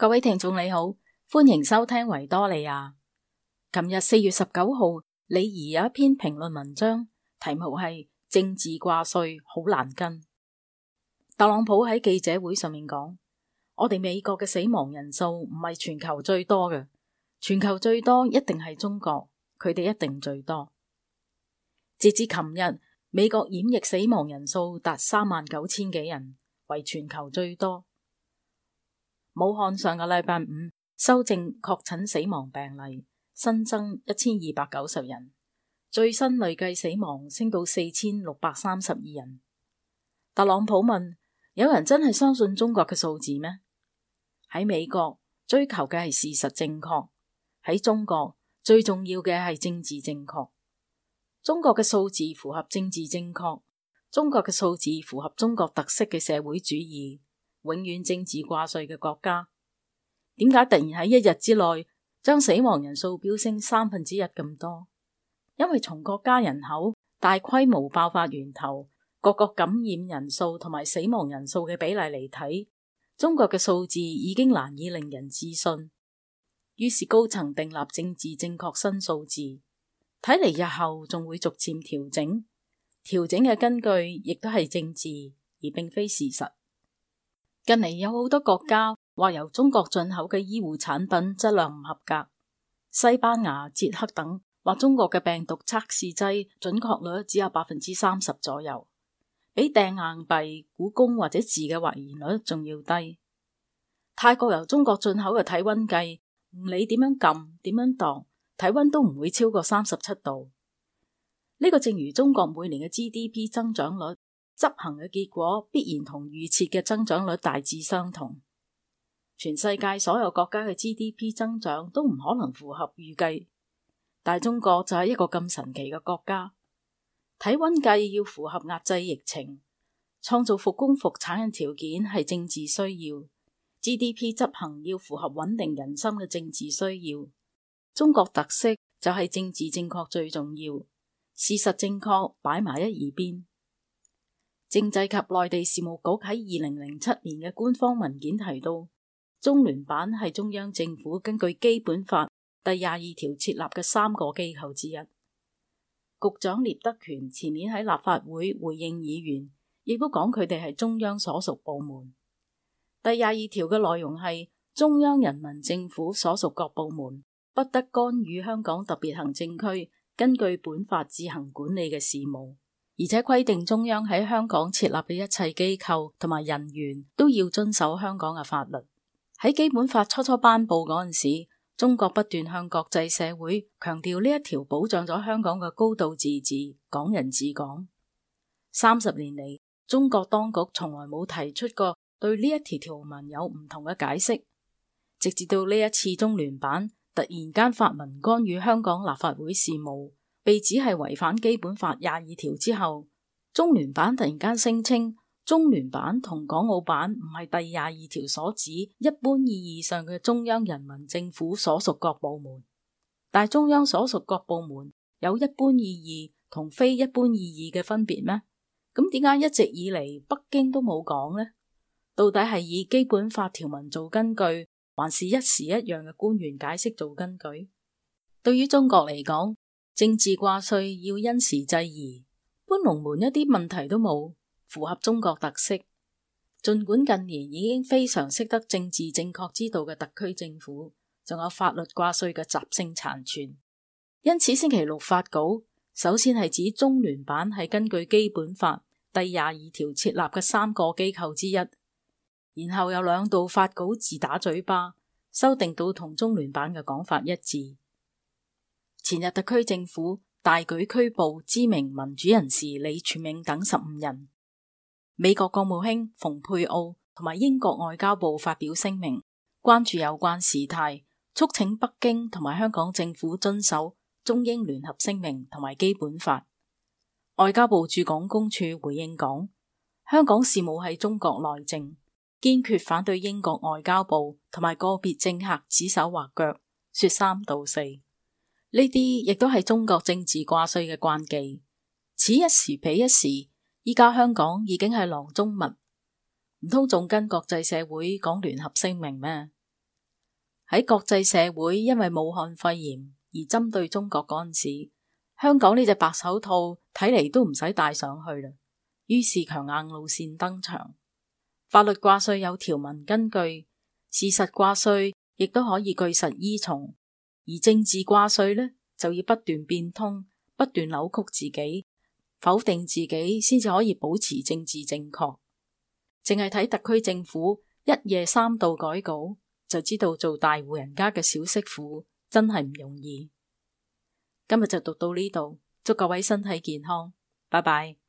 各位聽眾你好，歡迎收聽維多利亞。琴日四月十九號，李怡有一篇評論文章，題目係《政治掛帥好難跟》。特朗普喺記者會上面講：我哋美國嘅死亡人數唔係全球最多嘅，全球最多一定係中國，佢哋一定最多。截至琴日，美國染疫死亡人數達三萬九千幾人，為全球最多。武漢上個禮拜五修正確診死亡病例，新增一千二百九十人，最新累計死亡升到四千六百三十二人。特朗普問：有人真係相信中國嘅數字咩？喺美國追求嘅係事實正確，喺中國最重要嘅係政治正確。中國嘅數字符合政治正確，中國嘅數字符合中國特色嘅社會主義。永遠政治掛帥嘅國家，點解突然喺一日之內將死亡人數飆升三分之一咁多？因為從國家人口、大規模爆發源頭、各個感染人數同埋死亡人數嘅比例嚟睇，中國嘅數字已經難以令人置信。於是高層訂立政治正確新數字，睇嚟日後仲會逐漸調整，調整嘅根據亦都係政治，而並非事實。近嚟有好多國家話由中國進口嘅醫護產品質量唔合格，西班牙、捷克等話中國嘅病毒測試劑準確率只有百分之三十左右比，比掟硬幣、估公或者字嘅懷疑率仲要低。泰國由中國進口嘅體溫計，唔理點樣撳、點樣度，體溫都唔會超過三十七度。呢個正如中國每年嘅 GDP 增長率。執行嘅結果必然同預設嘅增長率大致相同。全世界所有國家嘅 GDP 增長都唔可能符合預計，大中國就係一個咁神奇嘅國家。體溫計要符合壓製疫情，創造復工復產嘅條件係政治需要；GDP 執行要符合穩定人心嘅政治需要。中國特色就係政治正確最重要，事實正確擺埋一二邊。政制及內地事務局喺二零零七年嘅官方文件提到，中聯辦係中央政府根據《基本法》第廿二條設立嘅三個機構之一。局長聶德權前年喺立法會回應議員，亦都講佢哋係中央所屬部門。第廿二條嘅內容係：中央人民政府所屬各部門不得干預香港特別行政區根據本法自行管理嘅事務。而且規定中央喺香港設立嘅一切機構同埋人員都要遵守香港嘅法律。喺基本法初初頒布嗰陣時，中國不斷向國際社會強調呢一條保障咗香港嘅高度自治、港人治港。三十年嚟，中國當局從來冇提出過對呢一條條文有唔同嘅解釋，直至到呢一次中聯辦突然間發文干預香港立法會事務。被指係違反基本法廿二條之後，中聯辦突然間聲稱中聯辦同港澳辦唔係第廿二條所指一般意義上嘅中央人民政府所屬各部門，但中央所屬各部門有一般意義同非一般意義嘅分別咩？咁點解一直以嚟北京都冇講呢？到底係以基本法條文做根據，還是一時一樣嘅官員解釋做根據？對於中國嚟講。政治掛帥要因時制宜，搬龍門一啲問題都冇，符合中國特色。盡管近年已經非常識得政治正確之道嘅特區政府，仲有法律掛帥嘅習性殘存。因此星期六發稿，首先係指中聯辦係根據基本法第廿二條設立嘅三個機構之一，然後有兩道發稿自打嘴巴，修訂到同中聯辦嘅講法一致。前日，特區政府大舉拘捕知名民主人士李柱銘等十五人。美國國務卿蓬佩奧同埋英國外交部發表聲明，關注有關事態，促請北京同埋香港政府遵守中英聯合聲明同埋基本法。外交部駐港公署回應講：香港事務係中國內政，堅決反對英國外交部同埋個別政客指手畫腳，說三道四。呢啲亦都係中國政治掛帥嘅慣技，此一時彼一時，依家香港已經係囊中物，唔通仲跟國際社會講聯合聲明咩？喺國際社會因為武漢肺炎而針對中國嗰陣時，香港呢隻白手套睇嚟都唔使戴上去啦。於是強硬路線登場，法律掛帥有條文根據，事實掛帥亦都可以據實依從。而政治掛帥呢，就要不斷變通，不斷扭曲自己，否定自己，先至可以保持政治正確。淨係睇特區政府一夜三度改稿，就知道做大戶人家嘅小媳婦真係唔容易。今日就讀到呢度，祝各位身體健康，拜拜。